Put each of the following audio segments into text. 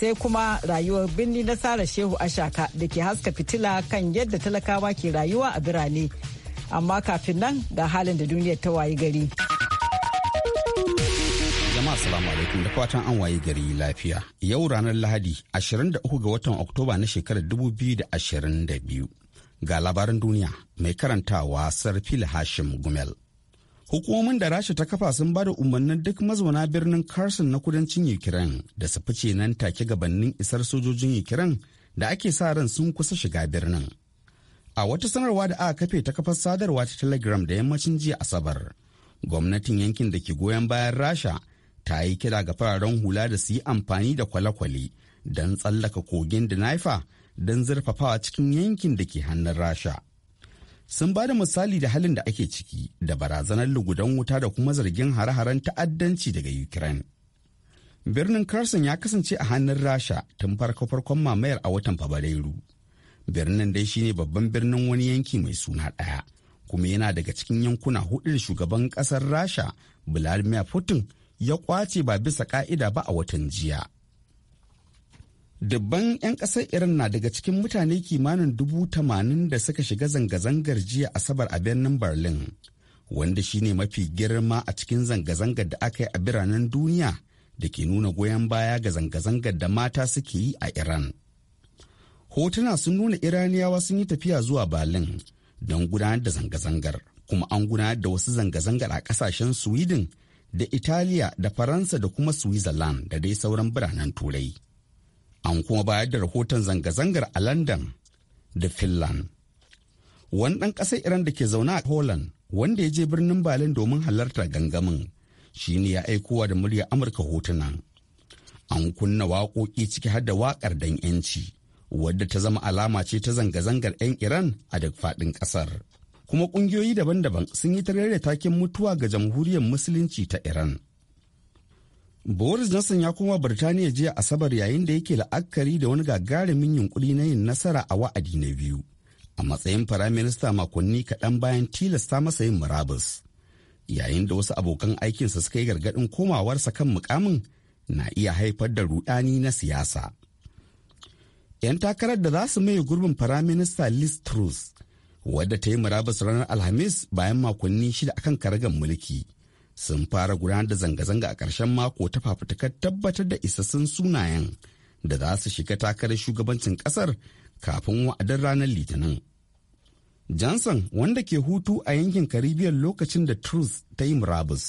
sai kuma rayuwar birni na sare Shehu Ashaka da ke haska fitila kan yadda talakawa ke rayuwa a birane. Amma kafin nan ga halin da duniyar ta wayi gari. Jama'a salamu alaikum da fatan an wayi gari lafiya. Yau ranar Lahadi 23 ga watan Oktoba na shekarar 2022. Ga labaran duniya mai karantawa Sarfil Hashim Gumel. hukumomin da rasha ta kafa sun bada umarnin duk mazauna birnin carson na kudancin ukraine da su fice nan take gabanin isar sojojin ukraine da ake sa ran sun kusa shiga birnin a wata sanarwa da aka kafe ta kafar sadarwa ta telegram da yammacin jiya asabar gwamnatin yankin da ke goyon bayan rasha ta yi kira ga fararen hula da su yi amfani da kwale-kwale don tsallaka kogin da naifa don zurfafawa cikin yankin da ke hannun rasha sun ba da misali da halin da ake ciki da barazanar lugudan wuta da kuma zargin hare-haren ta'addanci daga ukraine birnin carson ya kasance a hannun rasha tun farko-farkon mamayar a watan fabrairu birnin dai shine babban birnin wani yanki mai suna ɗaya kuma yana daga cikin yankuna hudu da shugaban ƙasar rasha vladimir putin ya kwace ba bisa ka'ida ba a watan jiya Dubban 'yan ƙasar Iran na daga cikin mutane kimanin dubu tamanin da suka shiga zanga-zangar jiya Asabar a birnin Berlin, wanda shine mafi girma a cikin zanga-zangar da aka yi a biranen duniya da ke nuna goyon baya ga zanga-zangar da mata suke yi a Iran. Hotuna sun nuna Iraniyawa sun yi tafiya zuwa Berlin don gudanar da zanga-zangar, kuma an gudanar da wasu zanga-zangar a kasashen Sweden da Italiya da Faransa da kuma Switzerland da dai sauran biranen Turai. an kuma bayar da rahoton zanga-zangar a london da finland wani ɗan ƙasar iran da ke zaune a holland wanda ya je birnin berlin domin halarta gangamin shi ne ya aikowa da murya amurka hotunan an kunna waƙoƙi ciki har da waƙar dan yanci wadda ta zama alama ce ta zanga-zangar 'yan iran a duk faɗin ƙasar kuma ƙungiyoyi daban-daban sun yi ta takin mutuwa ga jamhuriyar musulunci ta iran Boris Johnson ya koma Birtaniya jiya Asabar yayin da yake la'akari da wani gagarumin yunkuri na yin nasara a wa'adi na biyu. A matsayin firaminista makonni kaɗan bayan tilasta masa yin murabus. Yayin da wasu abokan aikinsa suka yi gargaɗin komawarsa kan mukamin na iya haifar da rudani na siyasa. 'Yan takarar da za su maye gurbin firaminista Liz Truss wadda ta yi murabus ranar Alhamis bayan makonni shida akan karagar mulki. sun fara gudanar da zanga-zanga a ƙarshen mako ta fafutukar tabbatar da isassun sunayen da za su shiga takarar shugabancin ƙasar kafin wa'adin ranar litinin. Johnson wanda ke hutu a yankin Caribbean lokacin da Truth ta yi murabus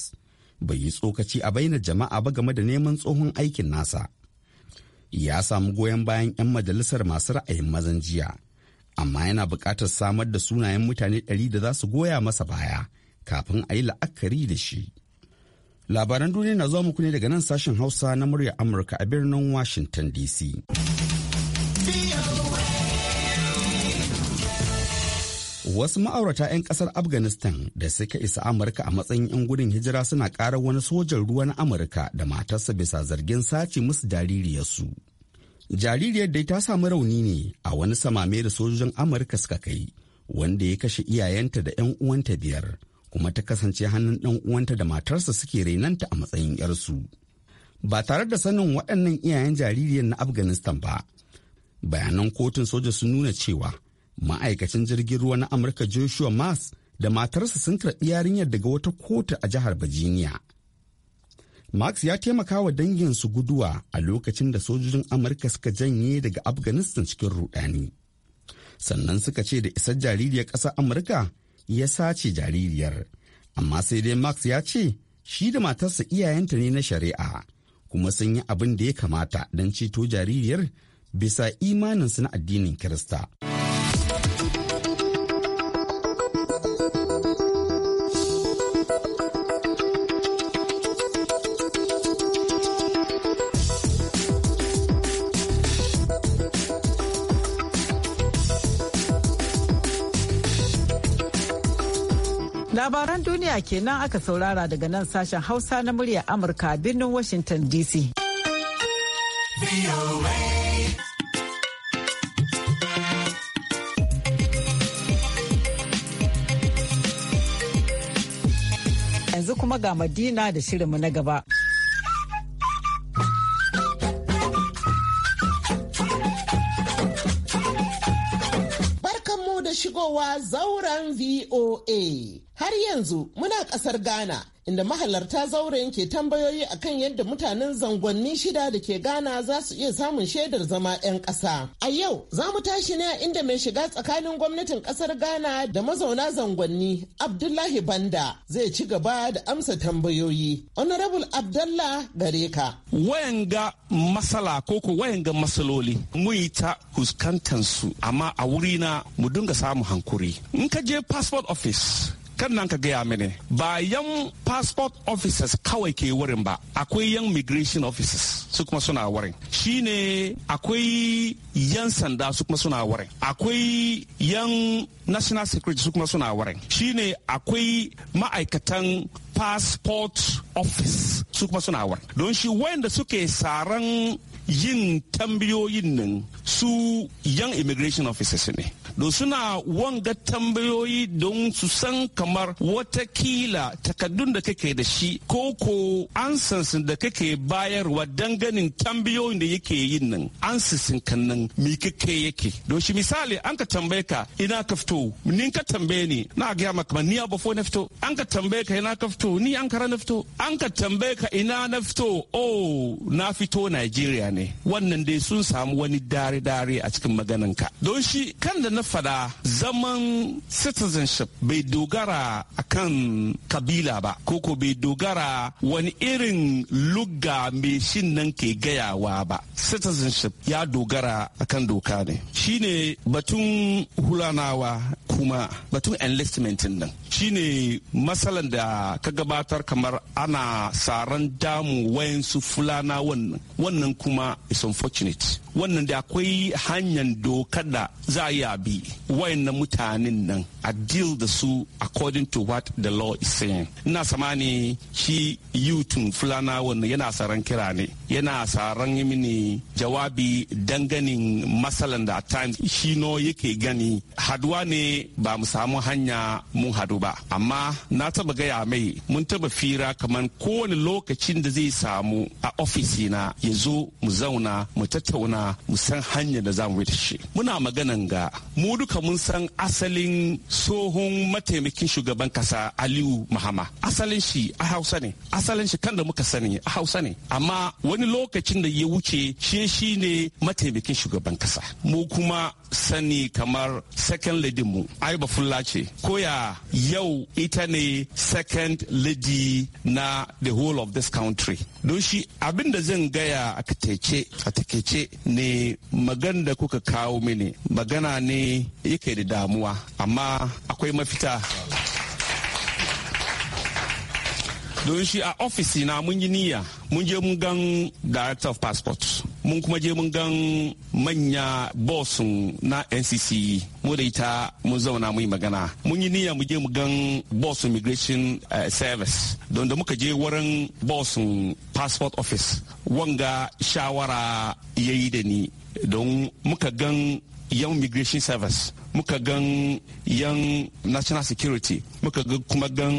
bai yi tsokaci a bainar jama'a ba game da neman tsohon aikin nasa. Ya samu goyon bayan 'yan majalisar masu ra'ayin mazan jiya, amma yana buƙatar samar da sunayen mutane ɗari da za su goya masa baya kafin a yi la'akari da shi. Labaran duniya na zuwa muku ne daga nan sashen Hausa na murya Amurka a birnin Washington DC. Wasu ma'aurata 'yan kasar Afghanistan da suka isa Amurka a matsayin 'yan gudun hijira suna ƙara wani sojan ruwa na Amurka da matarsa bisa zargin sace musu jaririyarsu. Jaririyar dai ta samu rauni ne a wani samame da sojojin Amurka suka kai, wanda ya kashe iyayenta da 'yan uwanta biyar. kuma ta kasance hannun ɗan uwanta da matarsa suke renanta a matsayin 'yarsu. Ba tare da sanin waɗannan iyayen jaririyar na Afghanistan ba, bayanan kotun soja sun nuna cewa ma'aikacin jirgin ruwa na Amurka Joshua Mas da matarsa sun karɓi yarinyar daga wata kotu a jihar Virginia. Max ya taimaka wa danginsu guduwa a lokacin da sojojin Amurka suka janye daga Afghanistan cikin rudani. Sannan suka ce da isar jaririyar ƙasar Amurka ya sace jaririyar amma sai dai max ya ce shi da matarsa iyayenta ne na shari'a kuma sun yi abin da ya kamata don ceto jaririyar bisa imaninsu na addinin kirista. duniya kenan aka saurara daga nan sashen Hausa na muryar Amurka a birnin Washington DC. Yanzu kuma ga Madina da shirinmu na gaba. shigowa zauren VOA. Har yanzu muna ƙasar Ghana inda mahalarta zauren ke tambayoyi akan yadda mutanen zangonni shida da ke Ghana za su iya samun shaidar zama 'yan ƙasa. A yau za mu tashi ne a inda mai shiga tsakanin gwamnatin ƙasar Ghana da mazauna zangonni Abdullahi Banda zai ci gaba da amsa tambayoyi. Honorable abdullah gare ka. Wayanga masala ko ko wayanga masaloli mu yi ta huskantansu amma a wuri na mu dinga samun hankuri. In ka je passport office kan nan ka gaya mini ba yan passport officers kawai ke wurin ba akwai yan migration officers su kuma suna wurin shine akwai yan sanda su kuma suna wurin akwai yan national security su kuma suna wurin shine akwai ma'aikatan passport office su kuma suna wurin don shi wayanda suke saran yin tambiyoyin nan su yan immigration officers ne don suna wanga tambayoyi don su san kamar watakila takaddun da kake da shi ko ko ansansin da kake bayarwa danganin tambayoyin da yake yin nan ansansin kan nan mi kake yake don shi misali an ka tambaye ka ina ka fito ni ka tambaye ni na gaya maka kamar ni abu na fito an ka tambaye ka ina ka fito ni an kara na fito an ka tambaye ka ina na fito oh na fito Najeriya ne wannan dai sun samu wani dare-dare a cikin maganan ka don shi kan da na faɗa zaman citizenship bai dogara kan kabila ba koko bai dogara wani irin lugga mai shin nan ke gayawa ba citizenship ya dogara kan doka ne shine batun hulanawa kuma batun enlistment nan shine matsalan da ka gabatar kamar ana saran damu wayansu fulana wannan wannan kuma is unfortunate wannan da akwai hanyar dokar da za a yi abi wayannan mutanen nan a deal da su according to what the law is saying ina samani shi yutun fulana wannan yana saran kira ne yana saran yi mini jawabi danganin masalan da times shi no yake gani haduwa ne ba mu samu hanya mun hadu ba amma na taba gaya mai mun taba fira kamar kowane lokacin da zai samu a na ya zo mu zauna mu tattauna mu san hanyar da za mu yi shi muna maganan ga mu mu duka mun san asalin tsohon mataimakin shugaban kasa aliyu mahama asalin shi a hausa ne asalin shi kan da muka sani a hausa ne amma wani lokacin da ya wuce shi shi ne mataimakin shugaban kasa mu kuma sani kamar second lady mu aiba fulla ce koya yau ita ne second lady na the whole of this country don shi abin da zan gaya a takaice ne magan da kuka kawo mini magana ne yake da damuwa amma akwai mafita don shi a ofisi na mun yi niyya mun je mun gan director of passport mun kuma je mun gan manya boss na ncc mu da ita mun zauna mun yi magana mun yi niyya mu je mu gan boss immigration eh, service don da muka je wurin boss passport office wanga shawara yayi da ni don muka gan yan migration service muka gan yan national security muka ga kuma gan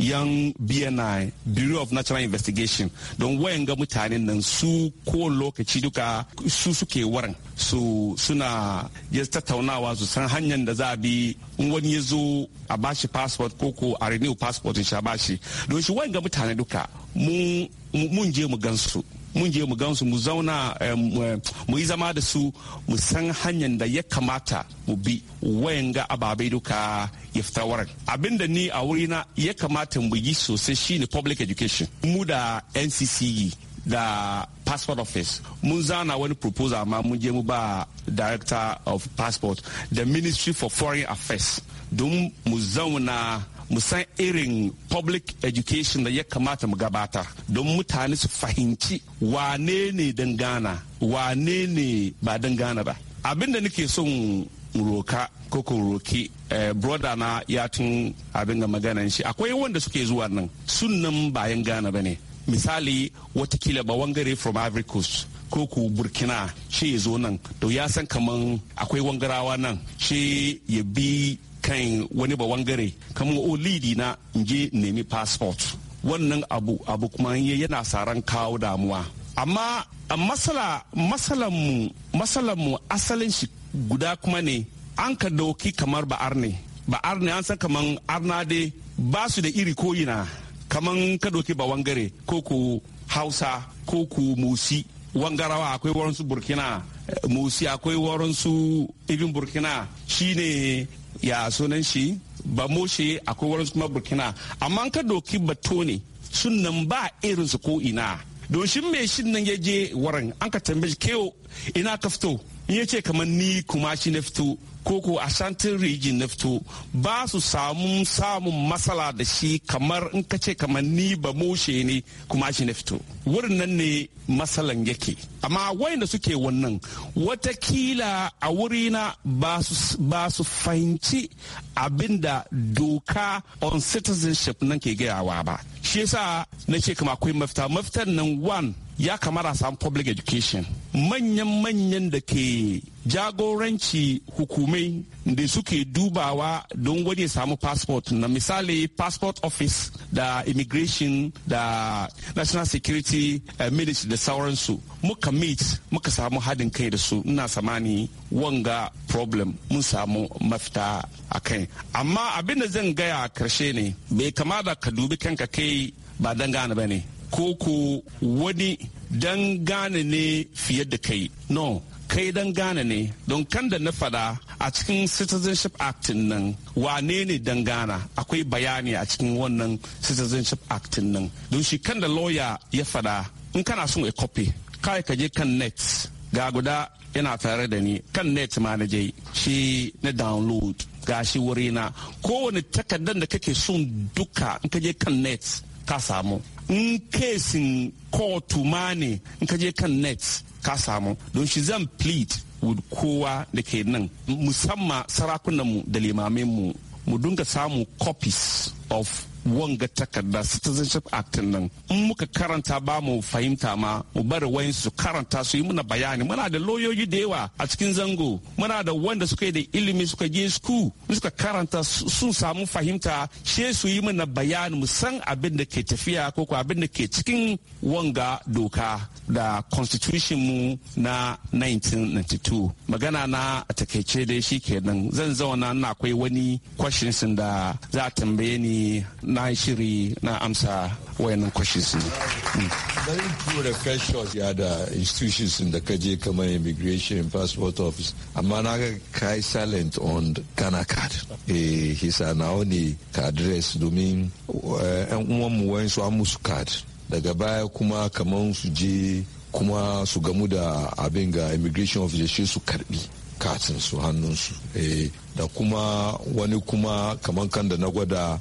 yan bni bureau of national investigation don wayan ga mutanen nan su ko lokaci duka su suke warin. su suna ya tattaunawa su san hanyar da za a bi in wani ya zo a bashi passport ko ko a renew passport in sha bashi don shi wayan ga mutane duka mun je mu su. mun je mu gansu mu zauna eh, eh, mu yi zama da su mu san hanyar da ya kamata mu bi wayan ga ababai duka ya fita waran abin da ni a wurina ya kamata mu yi sosai shine public education mu da ncc e da passport office mun zana wani proposal ma mun je mu ba director of passport da ministry for foreign affairs don mu zauna mu san irin public education da ya kamata mu gabatar don mutane su fahimci wane ne don gana wane ne ba don gana ba abin da nake son roka koko roki eh, broda na ya tun abin da maganan shi akwai wanda suke zuwa nan sunan bayan gana ba ne misali watakila ba wangare from ivory coast ko burkina shi ya zo nan to ya san kaman akwai wangarawa nan shi ya bi kan wani wangare kamar lidi na nje nemi passport wannan abu abu kuma yana saran kawo damuwa amma masala masalan mu asalin shi guda kuma ne an ka doki kamar ba'ar ne ba'ar ne an san kamar arna dai ba su da iri koyina kamar ka doki ba wangare ko ku hausa ko ku musi wangarawa akwai waransu burkina musi akwai waransu ibin burkina shine ya sunan shi ba moshe akwai wurin kuma burkina amma ka doki bato ne sunan ba irinsu ko ina don shi mai shin nan ya je warin an ka tambaye kewo ina ka fito in ya ce kamar ni kuma shi na fito koko a shantin rigin na fito ba su samu samun matsala da shi kamar in ka ce kamar ni ba moshe ne kuma shi na fito wurin nan ne matsalan yake amma wayanda suke wannan watakila a wurina ba su fahimci abinda doka on citizenship nan ke gayawa ba shi yasa na ce kama akwai mafita mafitan nan wan ya kamar a samu public education manyan manyan da ke jagoranci hukumai da suke dubawa don wani samu passport na misali passport office da immigration da national security uh, eh, ministry da sauransu muka meet muka samu haɗin kai da su ina samani wanga problem mun samu mafita a kai amma abinda zan gaya karshe ne bai kama da ka dubi kanka kai ba don gane ba ne ko ko wani don gane ne fiye da kai no kai dan gane ne don kan da na fada a cikin citizenship act nan wane ne dan gana akwai bayani a cikin wannan citizenship act nan don shi kan da lawyer ya fada in kana son a copy kai ka je kan net ga guda yana tare da ni kan net ma na je shi na download gashi wuri na kowane takardar da kake son duka in ka je kan net ka samu in kesin kotu ma ne in ka je kan net ka samu don shi zan plead with kowa da ke nan musamman sarakunanmu da limamin mu mu dinga samu copies of wanga takarda citizenship act nan in muka karanta ba mu fahimta ma mu bari wayan su karanta su yi muna bayani muna da lauyoyi da yawa a cikin zango muna da wanda suka yi da ilimi suka je school suka karanta sun samu fahimta she su yi muna bayani mu san abin da ke tafiya ko ko abin da ke cikin wanga doka da constitution mu na 1992 magana na a takaice dai kenan zan zauna na akwai wani questions da za a tambaye ni na shiri na amsa wayannan questions ne. Bari tura questions ya da institutions da ka je kamar immigration passport office amma na ga kai silent on Ghana card. Eh hisa na ne ka address domin eh, yan uwanmu su an musu card daga baya kuma kamar su je kuma su gamu da abin ga immigration office shi su karbi katin su hannunsu eh, da kuma wani kuma kamar kan da na gwada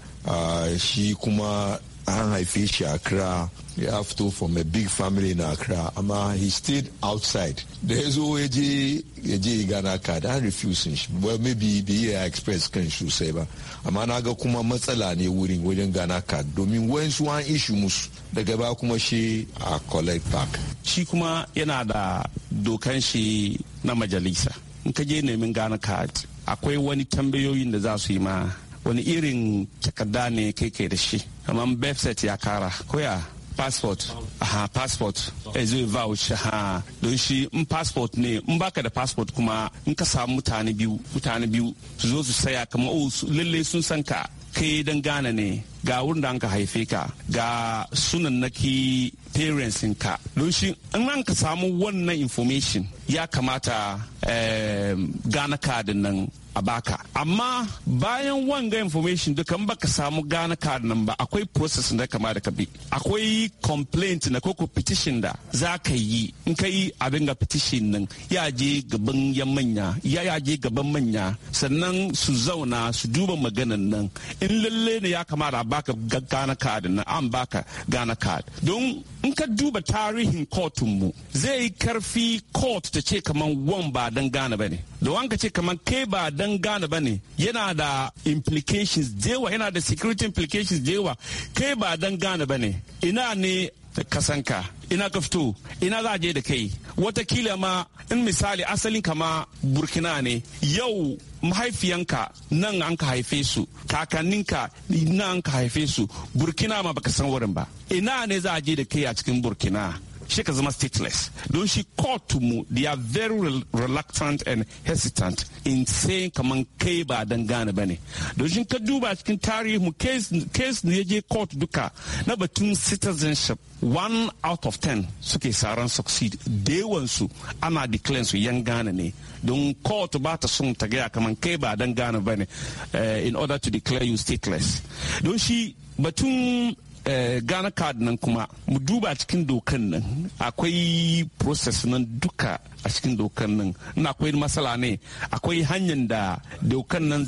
shi kuma an haife shi a kira ya fito from a big family na Accra amma he stayed outside da ya zo ya je ya gana ka da an refusing shi well maybe bai ya express kan shi sosai ba amma na ga kuma matsala ne wurin wajen gana ka domin su an ishu musu daga ba kuma shi a collect park shi kuma yana da dokan shi na majalisa in ka je nemin gana ka akwai wani tambayoyin da za su yi ma wani irin takarda ne kai kai da shi amma website ya kara koya passport aha passport e zai vouch ha don shi in passport ne in baka da passport kuma in ka samu mutane biyu mutane biyu su zo su saya kamar oh, lalle sun san ka kai dan gane ne ga wurin da an ka haife ka ga sunan na ki parents ka don shi in an ka samu wannan information ya kamata eh, gana kadin nan a baka amma bayan wanga information duka in baka samu gane kadin nan ba akwai process da kama da bi akwai complaint na koko petition da za ka yi in ka yi abin ga petition nan ya je gaban yan manya ya ya je gaban manya sannan su zauna su duba maganan nan in lalle ne ya kamata baka Ghana card na an baka Ghana card don in ka duba tarihin kotun mu zai yi karfi court ta ce kaman wan ba dan Ghana bane da wanka ce kaman kai ba dan Ghana bane yana da implications dewa yana da security implications dewa kai ba dan Ghana bane ina ne kasanka ina ka fito ina za je da kai watakila ma in misali asalin kama burkina ne yau mahaifiyanka nan an ka haife su kakanninka nan an ka haife su burkina ma baka san wurin ba ina ne za a je da kai a cikin burkina shi ka zama stateless don shi kotu mu they are very reluctant and hesitant in saying kaman kai ba dan bane don shi ka duba cikin tarihi mu case ne je court duka na batun citizenship one out of ten suke saran succeed dewansu ana declare su yan gane ne don court ba ta sun ta gaya kaman kai ba dan bane eh, in order to declare you stateless don shi batun Eh, Ghana card nan kuma mu duba cikin dokan nan akwai process nan duka a cikin dokan nan na akwai matsala ne akwai hanyar da dokan nan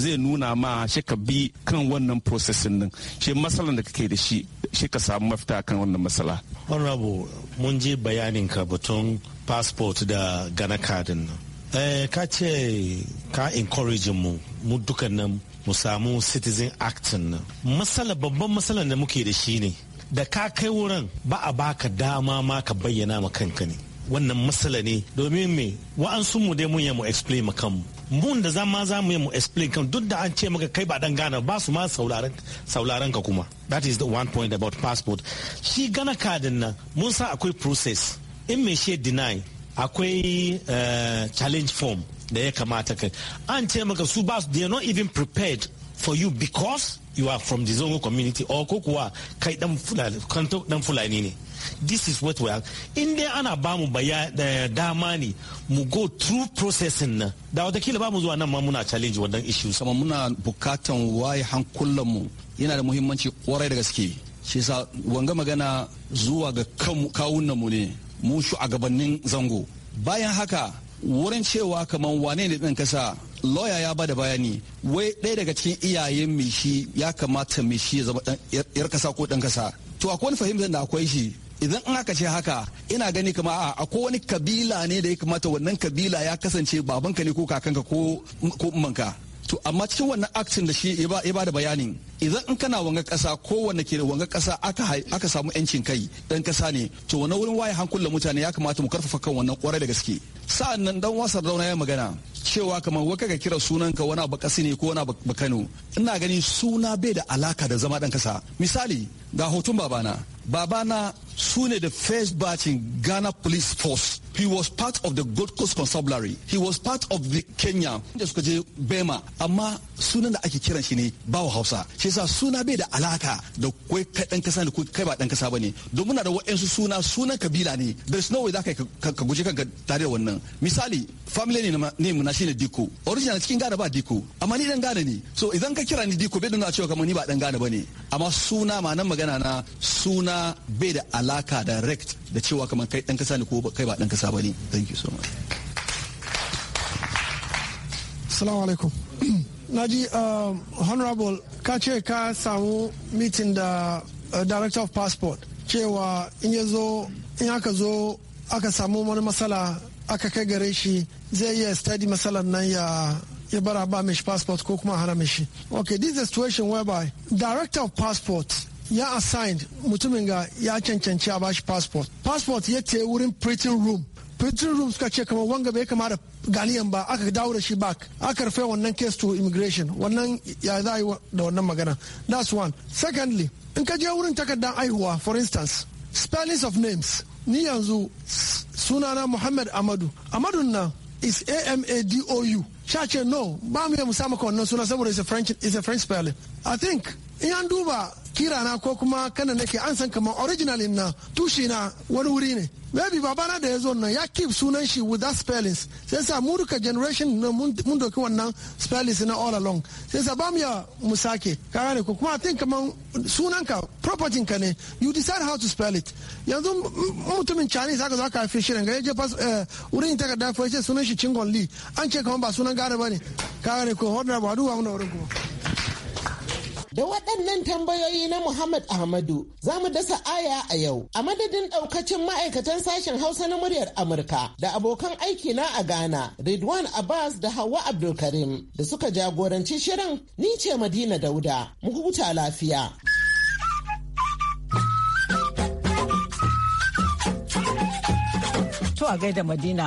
zai nuna ma shika bi kan wannan process nan shi matsalan da kake da shi shi ka samu mafita kan wannan matsala. honorable mun ji bayanin ka batun passport da Ghana card nan. Eh, ka ce ka encourage mu mu dukan nan mu samu citizen actin nan matsala babban matsalar da muke da shi ne da ka kai wurin ba a baka dama ma ka bayyana ma kanka ne wannan matsala ne domin me wa'ansu mu dai mun yi mu explain ma kanmu mun da zama za mu yi mu explain kan duk da an ce maka kai ba dan gana ba su ma sauraren ka kuma that is the one point about passport shi gana kadin nan mun sa akwai process in me she deny akwai eh, challenge form da ya kamata kai an ce maka su ba su not even prepared for you because you are from the zongo community or ko kuwa kai dan fulani fulani ne this is what we are in dai ana ba mu eh, dama ne mu go through processing nan da watakila ba mu zuwa nan ma muna challenge wannan issue sama muna bukatan waye hankulan mu yana da muhimmanci kwarai da gaske shi yasa wanga magana zuwa ga kawunan mu ne mu gabanin zango bayan haka wurin cewa kamar wane ne ɗan kasa lawyer ya bada bayani wai ɗaya daga cikin iyayen mishi ya kamata mishi ya zama yar kasa ko ɗan kasa to akwai wani fahimtar da akwai shi idan an aka ce haka ina gani kama a akwai wani kabila ne da ya kamata wannan kabila ya kasance babanka ne ko kakanka ko ummanka to amma cikin wannan aktin da shi ya ba da bayanin idan in kana wanga kasa wanda ke da wanga kasa aka aka samu yancin kai dan kasa ne to wani wurin waye hankulan mutane ya kamata mu karfafa kan wannan kwarai da gaske sa'an nan dan wasan zauna ya magana cewa kamar waka ka kira sunan ka wani abu kasi ne ko wani abu kano ina gani suna bai da alaka da zama dan kasa misali ga hoton babana babana su ne the first batch in Ghana Police Force. He was part of the Gold Coast Constabulary. He was part of the Kenya da suka je Bema. Amma sunan da ake kiran shi ne bawa Hausa. Shi yasa suna bai da alaka da kai kai dan kasa ne ko kai ba dan kasa bane. Don na da wa'ansu suna sunan kabila ne. There's no way za ka ka guji kanka tare da wannan. Misali family ne ne muna shine Diko. Original cikin Ghana ba Diko. Amma ni dan Ghana ne. So idan ka kira ni Diko bai da nuna cewa kamar ni ba dan Ghana bane. Amma suna ma nan magana na suna bai da alaka direct da cewa kamar kai dan kasa ne ko kai ba dan kasa ba ne thank you so much assalamu alaikum naji uh, honorable ka ce ka samu meeting da uh, director of passport cewa in ya zo in aka zo aka samu wani matsala aka kai gare shi zai iya study matsalar nan ya ya bara ba mishi passport ko kuma hana mishi okay this is a situation whereby director of passport ya assigned mutumin ga ya cancanci a bashi passport passport ya te wurin printing room printing room suka ce kamar wanga bai kama da ganiyan ba aka dawo da shi back aka rufe wannan case to immigration wannan ya za yi da wannan magana that's one secondly in ka je wurin takardar aihuwa for instance spellings of names ni yanzu sunana muhammad amadu amadu na is a a sha ce no ba mu yi musamman wannan suna saboda is a french spelling i think in an duba kira na ko kuma kana nake an san kamar original na tushe na wani wuri ne baby babana da ya zo nan ya keep sunan shi with that spellings sai sa mu duka generation na mun doki wannan spellings na all along sai sa ba mu ya mu sake ka gane ko kuma i kamar sunan sunanka property ka ne you decide how to spell it yanzu mutumin chinese haka za ka haife shi ga je pas eh, wurin ta da fa sunan shi chingon li an ce kamar ba sunan gare ne ka gane ko hodar ba duwa wannan wurin ko. Da waɗannan tambayoyi na Muhammad Ahmadu za mu dasa aya a yau a madadin ɗaukacin ma'aikatan sashen Hausa na muryar Amurka da abokan aiki na a Ghana Ridwan Abbas da Hawa Abdulkarim da suka jagoranci shirin ni ce Madina Dauda mu huta lafiya. To a gaida Madina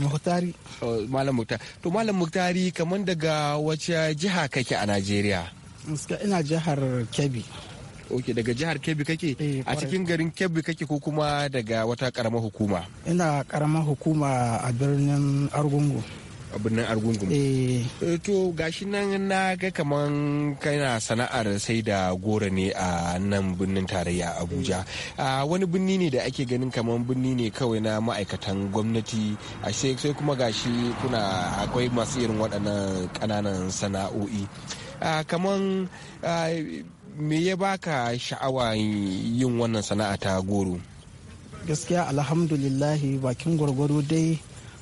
muhtari oh, malam muhtari to malam muhtari kamar daga wace jiha kake a najeriya muska ina jihar kebbi ok daga jihar kebbi kake eh, a cikin garin kebbi kake ko kuma daga wata karamar hukuma ina karamar hukuma a birnin argungu abin nan argungun eh. Eh, to gashi nan na ga kaman kana sana'ar sai da goro ne a nan birnin tarayya abuja mm. a ah, wani birni ne da ake ganin kaman birni ne kawai na ma'aikatan gwamnati a ah, sai kuma gashi kuna akwai masu irin waɗannan ƙananan sana'o'i ah, kaman me ya baka sha'awa yin wannan sana'a ta goro gaskiya alhamdulillahi bakin gwargwaro dai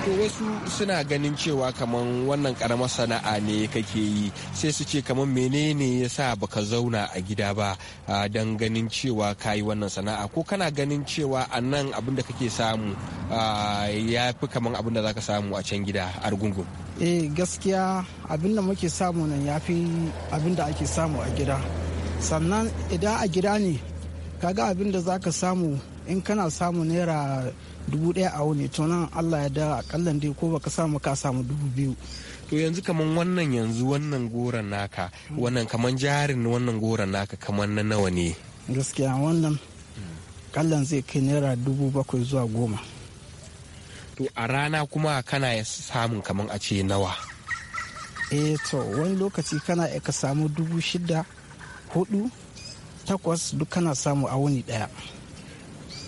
to wasu suna ganin cewa kamar wannan karamar sana'a ne kake yi sai su ce kamar menene ya sa baka zauna a gida ba don ganin cewa ka yi wannan sana'a ko kana ganin cewa a nan abin da kake samu ya fi kamar abin da zaka samu a can gida a rugungun eh gaskiya abin da muke samu nan ya fi abin ake samu a gida sannan idan a gida ne kaga abin da zaka samu in kana samu naira dubu daya a wuni to nan allah ya da akallan dai ko baka samu ka samu dubu biyu to yanzu kaman wannan yanzu wannan goron naka wannan kaman jarin wannan goron naka kaman na nawa ne gaskiya wannan kallan zai kai naira dubu bakwai zuwa goma to a rana kuma kana ya samun kaman a ce nawa eh to wani lokaci kana ya ka samu dubu shida hudu takwas duk kana samu a wuni daya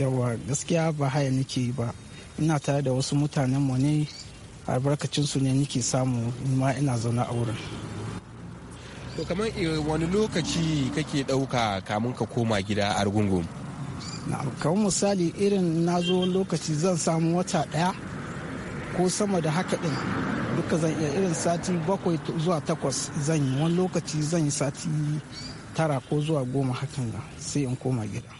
yawa gaskiya ba haya nake ba ina tare da wasu mutanen mu ne albarkacin su ne nake samu ma ina zaune a wurin to kamar eh, wani lokaci kake ɗauka kamun ka koma gida a rugungun kamar misali irin na zo lokaci zan samu wata ɗaya ko sama da haka ɗin duka zan iya irin sati bakwai zuwa takwas zan yi wani lokaci zan yi sati tara ko zuwa goma hakan sai in koma gida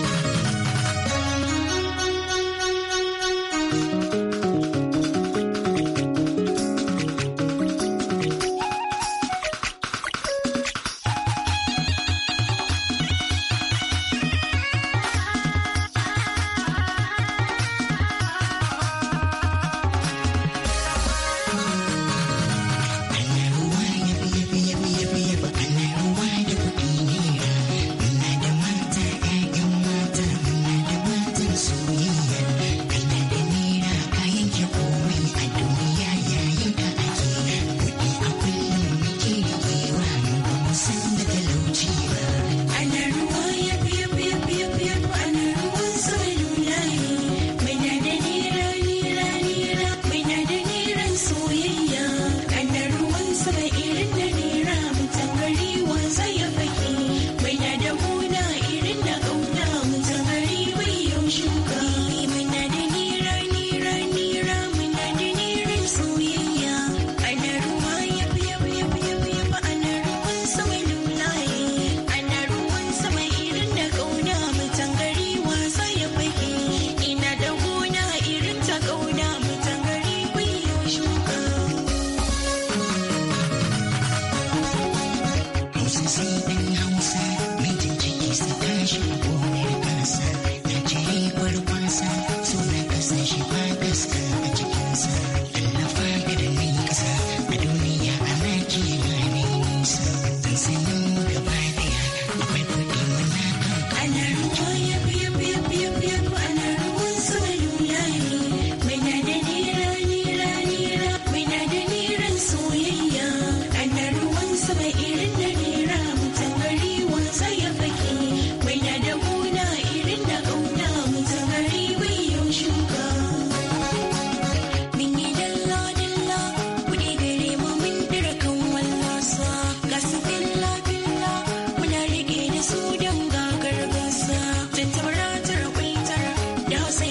Yo sé